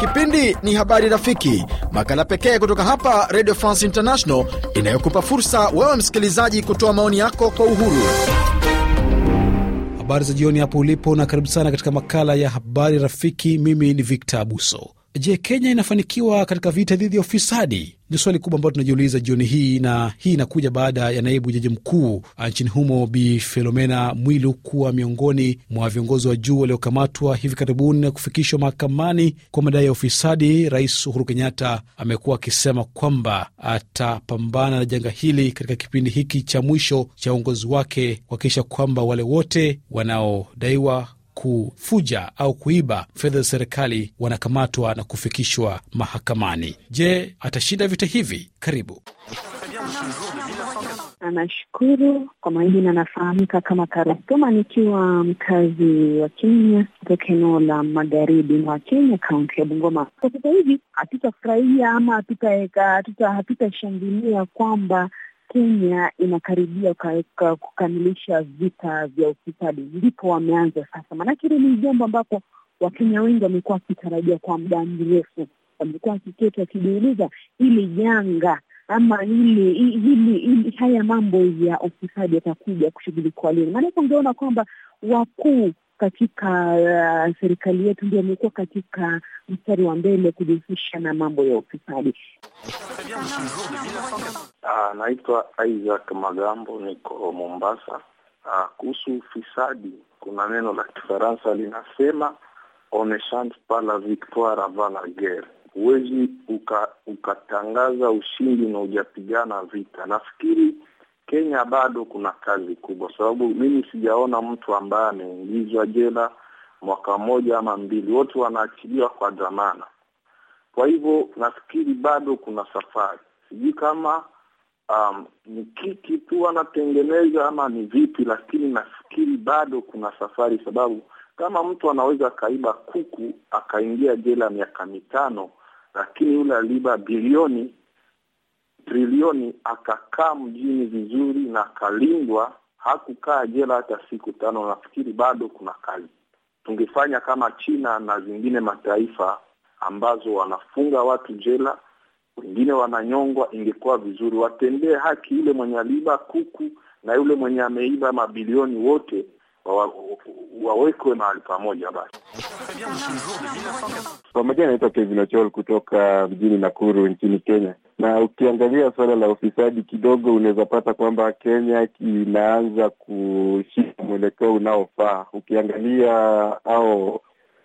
Kipindi ni Habari Rafiki, makala pekee kutoka hapa Radio France International inayokupa fursa wewe msikilizaji kutoa maoni yako kwa uhuru. Habari za jioni hapo ulipo, na karibu sana katika makala ya Habari Rafiki. Mimi ni Victor Abuso. Je, Kenya inafanikiwa katika vita dhidi ya ufisadi? ni swali kubwa ambalo tunajiuliza jioni hii, na hii inakuja baada ya naibu jaji mkuu uh, nchini humo Bi Filomena Mwilu kuwa miongoni mwa viongozi wa juu waliokamatwa hivi karibuni na kufikishwa mahakamani kwa madai ya ufisadi. Rais Uhuru Kenyatta amekuwa akisema kwamba atapambana na janga hili katika kipindi hiki cha mwisho cha uongozi wake kuhakikisha kwamba wale wote wanaodaiwa kufuja au kuiba fedha za serikali wanakamatwa na kufikishwa mahakamani. Je, atashinda vita hivi? Karibu. Nashukuru. Kwa majina anafahamika kama Karastuma, nikiwa mkazi wa Kenya kutoka eneo la magharibi mwa Kenya, kaunti ya Bungoma. Kwa sasa hivi hatutafurahia ama hatutaweka, hatutashangilia kwamba Kenya inakaribia kukamilisha vita vya ufisadi, ndipo wameanza sasa, maanake hili ni jambo ambapo Wakenya wengi wamekuwa wakitarajia kwa muda mrefu, wamekuwa wakiketi wakijiuliza hili janga ama haya mambo ya ufisadi yatakuja kushughulikiwa lini? Maanake ungeona kwamba wakuu katika uh, serikali yetu ndio wamekuwa katika mstari wa mbele kujihusisha na mambo ya ufisadi. Ah, naitwa Isaac Magambo, niko Mombasa. Uh, kuhusu ufisadi, kuna neno la Kifaransa linasema on chante pas la victoire avant la guerre, huwezi uka, ukatangaza ushindi na hujapigana vita. Nafikiri Kenya bado kuna kazi kubwa, sababu mimi sijaona mtu ambaye ameingizwa jela mwaka mmoja ama mbili, wote wanaachiliwa kwa dhamana. Kwa hivyo nafikiri bado kuna safari, sijui kama um, ni kiki tu anatengeneza ama ni vipi, lakini nafikiri bado kuna safari, sababu kama mtu anaweza akaiba kuku akaingia jela miaka mitano, lakini yule aliiba bilioni trilioni akakaa mjini vizuri na akalindwa, hakukaa jela hata siku tano. Nafikiri bado kuna kazi tungefanya kama China na zingine mataifa ambazo wanafunga watu jela, wengine wananyongwa. Ingekuwa vizuri watendee haki yule mwenye aliiba kuku na yule mwenye ameiba mabilioni, wote wawekwe mahali pamoja. Basi kwa majina, anaitwa Kevin Ochol kutoka mjini Nakuru nchini Kenya. Na ukiangalia suala la ufisadi kidogo, unaweza pata kwamba Kenya inaanza kushika mwelekeo unaofaa. Ukiangalia au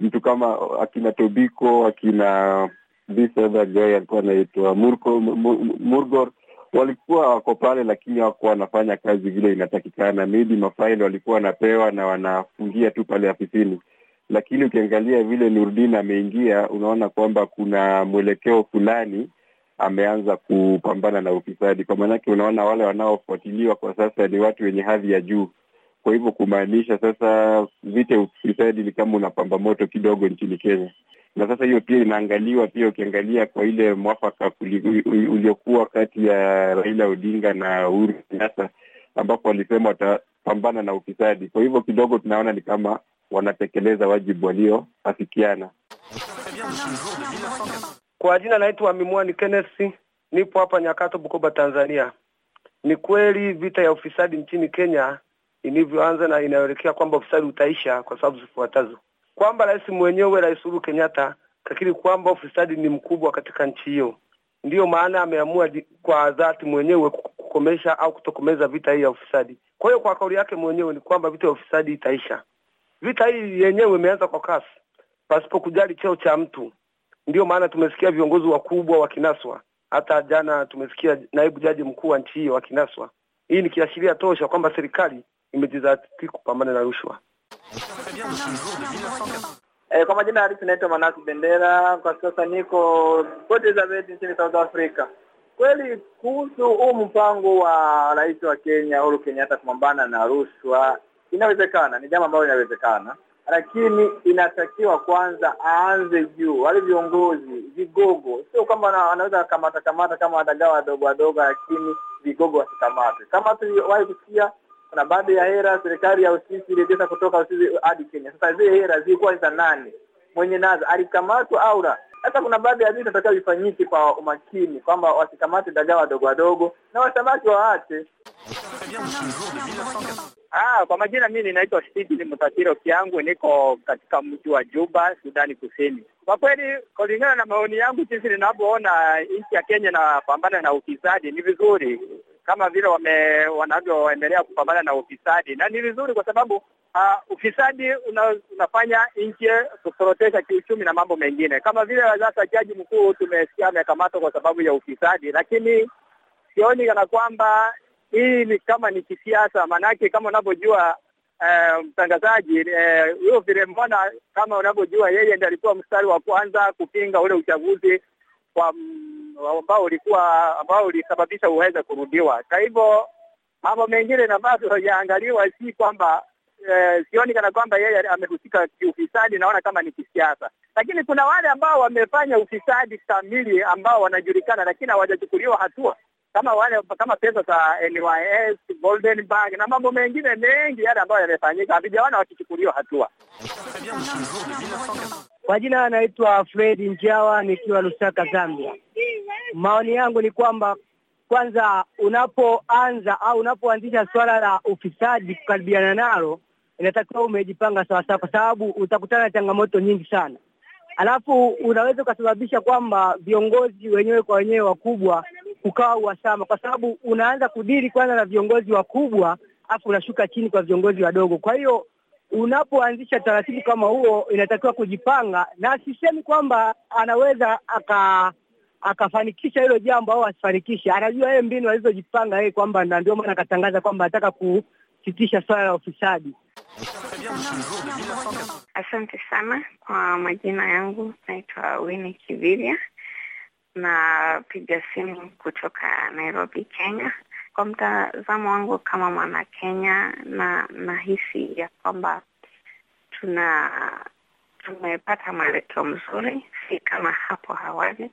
mtu kama akina Tobiko, akina this other guy alikuwa anaitwa Murgor walikuwa wako pale, lakini hawakuwa wanafanya kazi vile inatakikana. Maybe mafaili walikuwa wanapewa na wanafungia tu pale afisini, lakini ukiangalia vile Nurdin ameingia, unaona kwamba kuna mwelekeo fulani ameanza kupambana na ufisadi. Kwa maanake, unaona wale wanaofuatiliwa kwa sasa ni watu wenye hadhi ya juu, kwa hivyo kumaanisha sasa vita ya ufisadi ni kama unapamba moto kidogo nchini Kenya, na sasa hiyo pia inaangaliwa pia, ukiangalia kwa ile mwafaka uliokuwa kati ya Raila Odinga na Uhuru Kenyatta, ambapo walisema watapambana na ufisadi. Kwa hivyo kidogo tunaona ni kama wanatekeleza wajibu walioafikiana. Kwa jina naitwa Mimwani kennes nipo hapa Nyakato, Bukoba, Tanzania. Ni kweli vita ya ufisadi nchini Kenya ilivyoanza na inayoelekea kwamba ufisadi utaisha kwa sababu zifuatazo: kwamba rais mwenyewe Rais Uhuru Kenyatta kakiri kwamba ufisadi ni mkubwa katika nchi hiyo, ndiyo maana ameamua kwa dhati mwenyewe kukomesha au kutokomeza vita hii ya ufisadi. Kwa hiyo kwa kauli yake mwenyewe ni kwamba vita ya ufisadi itaisha. Vita hii yenyewe imeanza kwa kasi pasipo kujali cheo cha mtu. Ndiyo maana tumesikia viongozi wakubwa wakinaswa, hata jana tumesikia naibu jaji mkuu wa nchi hiyo wakinaswa. Hii ni kiashiria tosha kwamba serikali imejizatiti kupambana na rushwa. E, kwa majina halisi naitwa Manasi Bendera. Kwa sasa niko Port Elizabeth nchini South Africa. Kweli kuhusu huu mpango wa rais wa Kenya Uhuru Kenyatta kupambana na rushwa, inawezekana, ni jambo ambalo inawezekana, lakini inatakiwa kwanza aanze juu, wale viongozi vigogo. Sio kwamba anaweza kamata kamata kama watagawa wadogo wadogo, lakini vigogo wasikamate, kama tuliwahi kusikia kuna baadhi ya hera serikali ya Uswisi ilirejesha kutoka Uswisi hadi Kenya. Sasa zile hera zilikuwa za nani? Mwenye nazo alikamatwa au la? Sasa kuna baadhi ya vitu vinatakiwa vifanyike kwa umakini, kwamba wasikamate dagaa wadogo wadogo na wasamaki waache. Ah, kwa majina mimi ninaitwa Stephen Mtatiro Kiangu, niko katika mji wa Juba, Sudani Kusini. Kwa kweli, kulingana na maoni yangu, jinsi ninavyoona nchi ya Kenya inapambana na ufisadi, ni vizuri kama vile wame wanavyoendelea kupambana na ufisadi, na ni vizuri kwa sababu uh, ufisadi una, unafanya nchi kusorotesha kiuchumi na mambo mengine kama vile sasa. Jaji mkuu tumesikia amekamatwa kwa sababu ya ufisadi, lakini sioni kana kwamba hii ni kama ni kisiasa, maanake kama unavyojua Uh, mtangazaji eh, huyo uh, vile mbona, kama unavyojua yeye ndiye alikuwa mstari wa kwanza kupinga ule uchaguzi kwa mm, ambao ulikuwa ambao ulisababisha uweze kurudiwa. Kwa hivyo mambo mengine na bado hayaangaliwa, si kwamba eh, sioni kana kwamba yeye amehusika kiufisadi, naona kama ni kisiasa. Lakini kuna wale ambao wamefanya ufisadi kamili ambao wanajulikana, lakini hawajachukuliwa hatua kama wale kama pesa za NYS Bank na mambo mengine mengi yale ambayo yamefanyika, havijaona wakichukuliwa hatua. Kwa jina anaitwa Fred Njawa, nikiwa Lusaka, Zambia. Maoni yangu ni kwamba kwanza, unapoanza au unapoanzisha swala la ufisadi kukaribiana nalo, inatakiwa umejipanga sawasawa, kwa sababu utakutana na changamoto nyingi sana, alafu unaweza ukasababisha kwamba viongozi wenyewe kwa wenyewe wakubwa ukawa uhasama, kwa sababu unaanza kudiri kwanza na viongozi wakubwa, afu unashuka chini kwa viongozi wadogo. Kwa hiyo unapoanzisha taratibu kama huo, inatakiwa kujipanga, na sisemi kwamba anaweza aka akafanikisha hilo jambo au asifanikishe. Anajua yeye mbinu alizojipanga yeye kwamba, na ndio maana akatangaza kwamba anataka kusitisha swala la ufisadi. Asante sana. Kwa majina yangu naitwa Winnie Kibiria, napiga simu kutoka Nairobi, Kenya. Kwa mtazamo wangu kama mwana Kenya, na nahisi ya kwamba tuna tumepata maleto mzuri, si kama hapo awali.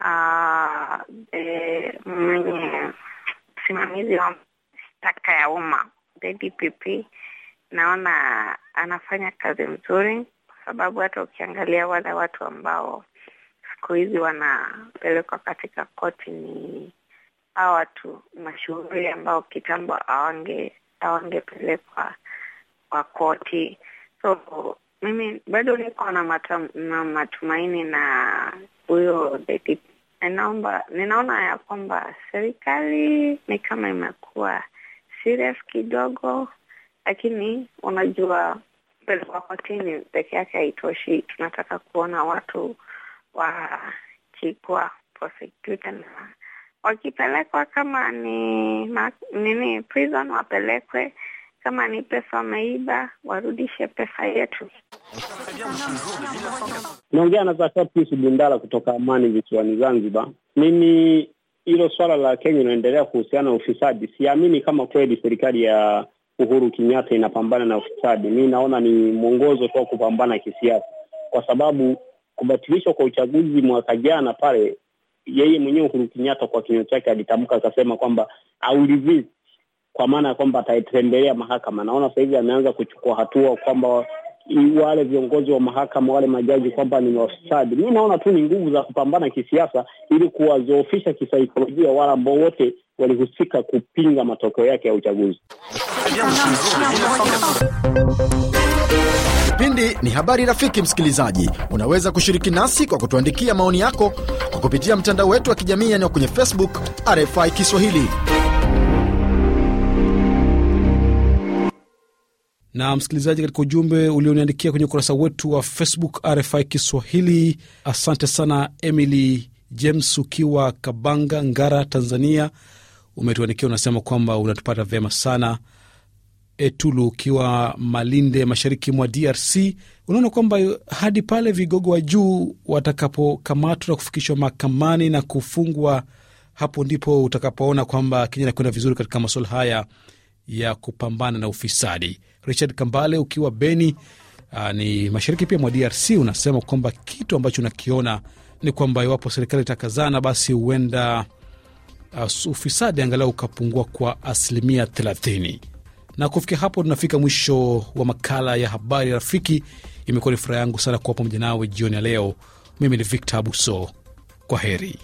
Uh, mwenye msimamizi wa mashtaka ya umma DPP naona anafanya kazi mzuri, kwa sababu hata ukiangalia wale watu ambao siku hizi wanapelekwa katika koti ni hawa tu mashuhuri ambao kitambo hawangepelekwa kwa koti. So mimi bado niko na, na matumaini na huyo Ninaomba, ninaona ya kwamba serikali ni kama imekuwa serious kidogo, lakini unajua pelekwa kotini peke yake haitoshi. Tunataka kuona watu chikwa prosecutor na wakipelekwa kama ni ma, nini prison wapelekwe, kama ni pesa wameiba warudishe pesa yetu. Naongea na Zakatus Bundala kutoka Amani visiwani Zanzibar. Mimi hilo swala la Kenya inaendelea kuhusiana na ufisadi, siamini kama kweli serikali ya Uhuru Kenyatta inapambana na ufisadi. Mi naona ni mwongozo tu wa kupambana kisiasa, kwa sababu kubatilishwa kwa uchaguzi mwaka jana pale, yeye mwenyewe Uhuru Kenyatta kwa kinywa chake alitamka akasema kwamba aulivii kwa maana ya kwamba ataitembelea mahakama. Naona sasa hivi ameanza kuchukua hatua kwamba wale viongozi wa mahakama wale majaji kwamba ni wafisadi. Mi naona tu ni nguvu za kupambana kisiasa ili kuwazoofisha kisaikolojia wale ambao wote walihusika kupinga matokeo yake ya uchaguzi. Kipindi ni habari rafiki. Msikilizaji, unaweza kushiriki nasi kwa kutuandikia maoni yako kwa kupitia mtandao wetu wa kijamii yaani kwenye Facebook RFI Kiswahili. Na msikilizaji, katika ujumbe ulioniandikia kwenye ukurasa wetu wa Facebook RFI Kiswahili, asante sana Emily James ukiwa Kabanga, Ngara, Tanzania, umetuandikia unasema kwamba unatupata vyema sana Etulu ukiwa Malinde, mashariki mwa DRC, unaona kwamba hadi pale vigogo wa juu watakapokamatwa na kufikishwa mahakamani na kufungwa, hapo ndipo utakapoona kwamba Kenya inakwenda vizuri katika masuala haya ya kupambana na ufisadi. Richard Kambale ukiwa Beni, aa, ah, ni mashariki pia mwa DRC, unasema kwamba kitu ambacho unakiona ni kwamba iwapo serikali itakazana, basi huenda ah, ufisadi angalau ukapungua kwa asilimia 30. Na kufikia hapo tunafika mwisho wa makala ya habari rafiki. Imekuwa ni furaha yangu sana kuwa pamoja nawe jioni ya leo. Mimi ni Victor Abuso, kwa heri.